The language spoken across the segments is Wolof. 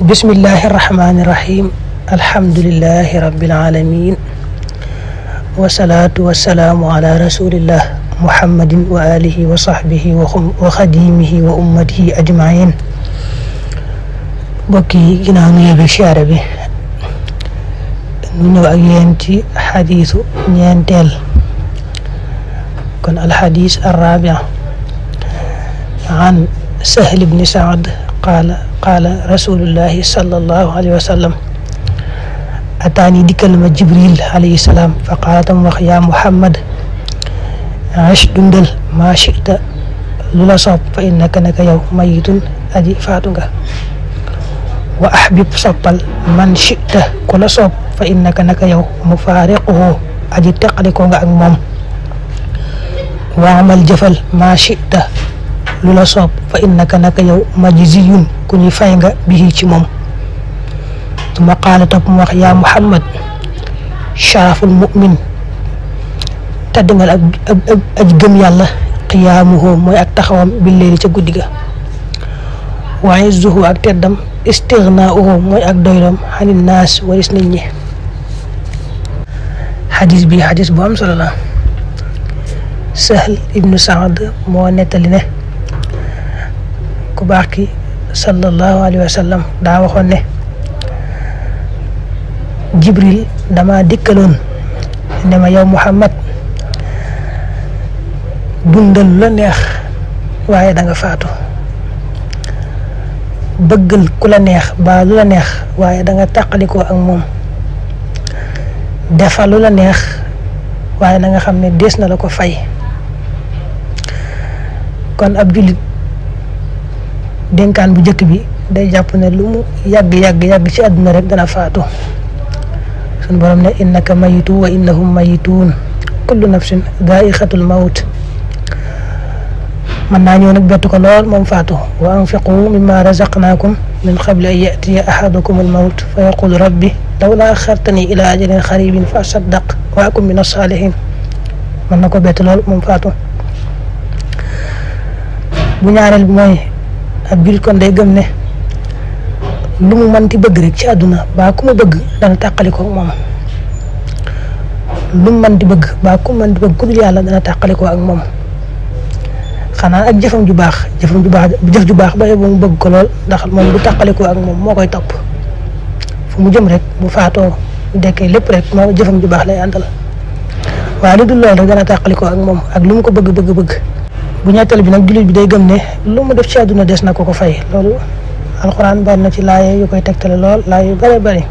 بسم الله الرحمن الرحيم الحمد لله رب العالمين والصلاة والسلام على رسول الله محمد وآله وصحبه وخديمه وأمته أجمعين بكي جنانية بشارة به ñu ñëw ak yéen ci xadiisu ñeenteel kon alxadiis arrabia an sahl قال رسول الله صلى الله عليه وسلم أتاني ديكال ما جبريل عليه السلام فقالت أمك يا محمد عش دندل ما شئت لولا صب فإنك نك يوم ميت أجي فاتنك وأحبب صبال من شئت كل صب فإنك نك يوم مفارقه أجي تقلقه عن وعمل جفل ما شئت lu la soob fa innaka naka yow majziyun ku ñuy fay nga bihi ci moom tuma qaala topp mu wax yaa muhammad sharaful mu'min tàddingal ak ak ak gëm qiyaamuhu mooy ak taxawam bi leeli ca guddi ga waaye zuhu ak teddam istignaauhu mooy ak doyloom xani naas waris nit ñi xadis bi xadis bu am solo la saad moo nettali ne ku baax ki sallallahu alayhi wa sallam daa waxoon ne jibril dama dikkaloon ne ma yow muhammad dundal la neex waaye danga nga faatu bëggal ku la neex baa la neex waaye danga nga ak moom defal la neex waaye na xam ne des na la ko fay kon ab jullit dénkaan bu jëkk bi day jàpp ne lu mu yag yag yag ci aduna rek dana faatu sun borom ne innaka mayitu wa innahum mayitun kullu nafsin daaixatul maut man na ñëw nak bett ko lool mom faatu wa anfiqu mimma razaqnakum min qabli an ya'ti ahadukum al maut fa yaqul rabbi lawlaa akhartani ila ajalin xaribin fa saddaq wa akun min as-salihin man nako bett lool mom faatu bu ñaaral bi moy ak jul kon day gëm ne lu mu mën ti bëgg rek ci àdduna baa ku mu bëgg dana tàqali ko moom lu mën di bëgg baa ku mën di bëgg ku dul yàlla dana tàqali ak moom xanaa ak jëfam ju baax jëfam ju baax jëf ju baax ba yóbbu mu bëgg ko lool ndax moom du tàqali ko ak moom moo koy topp fu mu jëm rek bu faatoo dekkee lépp rek moo jëfam ju baax lay àndal waa lu dul loolu rek dana tàqali ak moom ak lu mu ko bëgg bëgg bëgg. bu ñetteel bi nak julit bi day gëm ne lu mu def ci aduna des na ko ko fay lolu alquran ba na ci laye yu koy tektale lol laay yu bare bari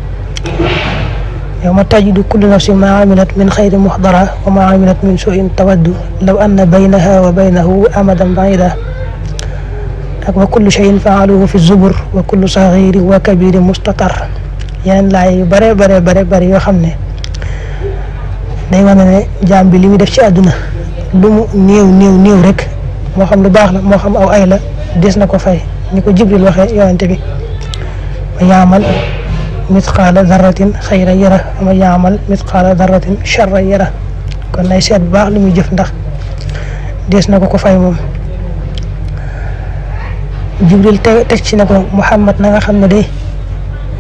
ma tajid kullu nafsin ma amilat min xayrin muhdara wa ma amilat min suin tawaddu law anna baynaha wa baynahu amadan baida ak wa kullu shay'in faaluhu fi zubur wa kullu saxirin wa kabirin mustaqar yeen laye yu bare bare bare bari yo xamne day wone ne jambi limi def ci aduna lu mu néew néew néew rek moo xam lu baax la moo xam aw ay la des na ko fay ni ko jibril waxee yonante bi ma yaamal mitqaala daratin xayra yara ma yaamal mitqaala daratin charra yara kon nay seet bu baax lu muy jëf ndax des na ko ko fay moom jibril teg ci na ko muhammad na nga xam ne day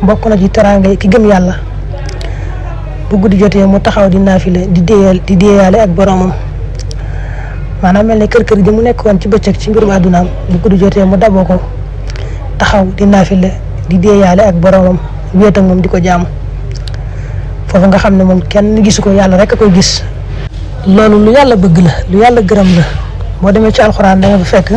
bokk na ci teraanga ki gëm yàlla bu guddi jotee mu taxaw di naafile di déeyal di déeyaale ak boromam maanaam mel ne kër kër ji mu nekk nekkoon ci bëccëg ci mbirum àddunaam bu guddi jotee mu daboo ko taxaw di naafile di deeyaale ak boromam wéet di ko jaamu foofu nga xam ne moom kenn gisu ko yàlla rekk a koy gis. loolu lu yàlla bëgg la lu yàlla gërëm la boo demee ci alxuraan da nga fa fekk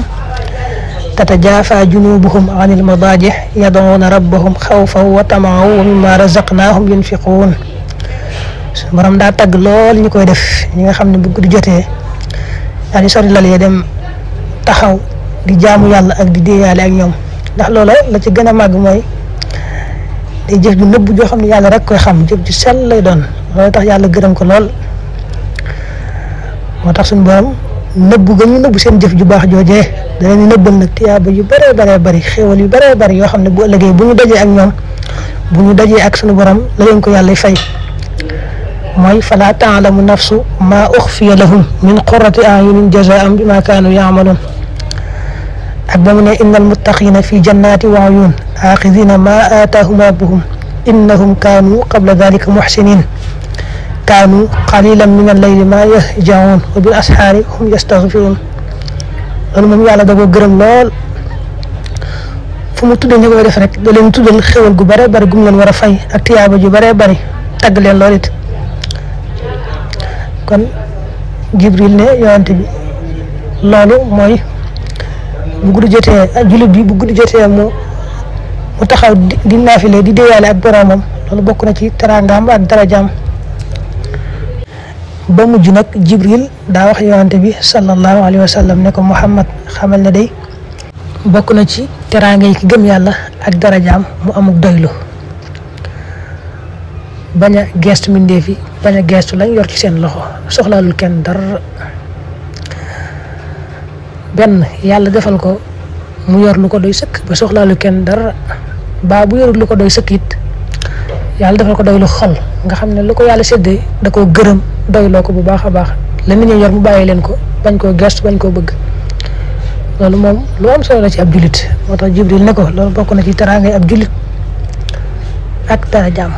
tatajaafaa junuubuhum anil madaaji yad'uuna rabbahum xawfan wa tamaan wa mimmaa razaqnaahum yunfiquun borom daa tagg lool ñu koy def ñi nga xam ne bu guddi jotee. daal di sori lal ya dem taxaw di jaamu yàlla ak di déeyaale ak ñoom ndax loola la ci gën a màgg mooy day jëf ju nëbb joo xam ne yàlla rek koy xam jëf ju sell lay doon loolu tax yàlla gërëm ko lool moo tax suñu borom nëbbu ga ñu nëbbu seen jëf ju baax joojee dana ñu nëbbal nag tiyaaba yu bëree bëree bari xéwal yu bëree bari yoo xam ne bu ëllëgee bu ñu dajee ak ñoom bu ñu dajee ak suñu borom la leen ko yàlla fay موي فلا تعلم نفس ما اخفي لهم من قرة اعين جزاء بما كانوا يعملون اكبرنا ان المتقين في جنات وعيون اخذين ما اتاهم ربهم انهم كانوا قبل ذلك محسنين كانوا قليلا من الليل ما يهجعون وبالاسحار هم يستغفرون ولم يعلى دبو غرم لول فمو تودي نيغو ريف رك دالين تودل خيول غو بري بري غوم ورا فاي ak tiyaba ji bare bare tag len kon jibril ne yonante bi loolu mooy bu guddi jotee jullit bi bu guddi jotee mu taxaw di naafile di déyaale ak boromam loolu bokk na ci teraangaam ak darajaam ba mujj nag jibril daa wax yonante bi sallallahu alayhi wa sallam ne ko muhammad xamal ne day bokk na ci teraanga yi ki gëm yàlla ak darajaam mu amuk doylu baña guest gestu banyak guest ulang gestu lañ yor ci sen loxo lu ken dar ben yalla defal ko mu yor lu ko doy sëkk ba lu ken dar ba bu yor lu ko doy sëkk it yalla defal ko doy lu xol nga xamne lu ko yalla sedde da ko geureum doy lo ko bu baakha a baax la nit ñi yor mu baye len ko bañ ko gestu bañ ko bëgg lolu mom lu am solo ci abdulit motax jibril ne ko lolu bokku na ci teraangay abdulit ak jam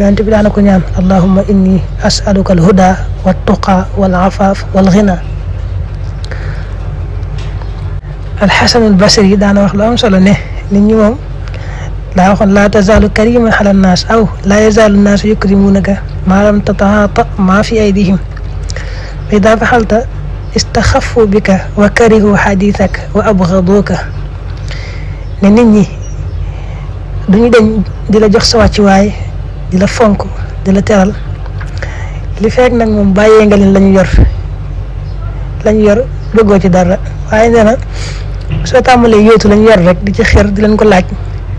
يعني بلا نكون يام اللهم إني أسألك الهدى والتقى والعفاف والغنى الحسن البصري دعنا وخلو أم صلى الله عليه لا لا تزال كريما على الناس أو لا يزال الناس يكرمونك ما لم تتعاطى ما في أيديهم إذا فعلت استخفوا بك وكرهوا حديثك وأبغضوك نني دوني دن دي لا سواتي واي di fonk di teral li fekk nag moom bàyyee nga leen la yor la lañ yor bëggoo ci dara waaye nee na soo tàmbalee yóotu la ñu yor rek di ci xër di leen ko laaj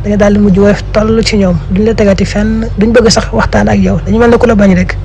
da nga daal di mujj woyof toll ci ñoom duñ la tegati fenn duñ bëgg sax waxtaan ak yow dañu mel ne ku la bañ rek.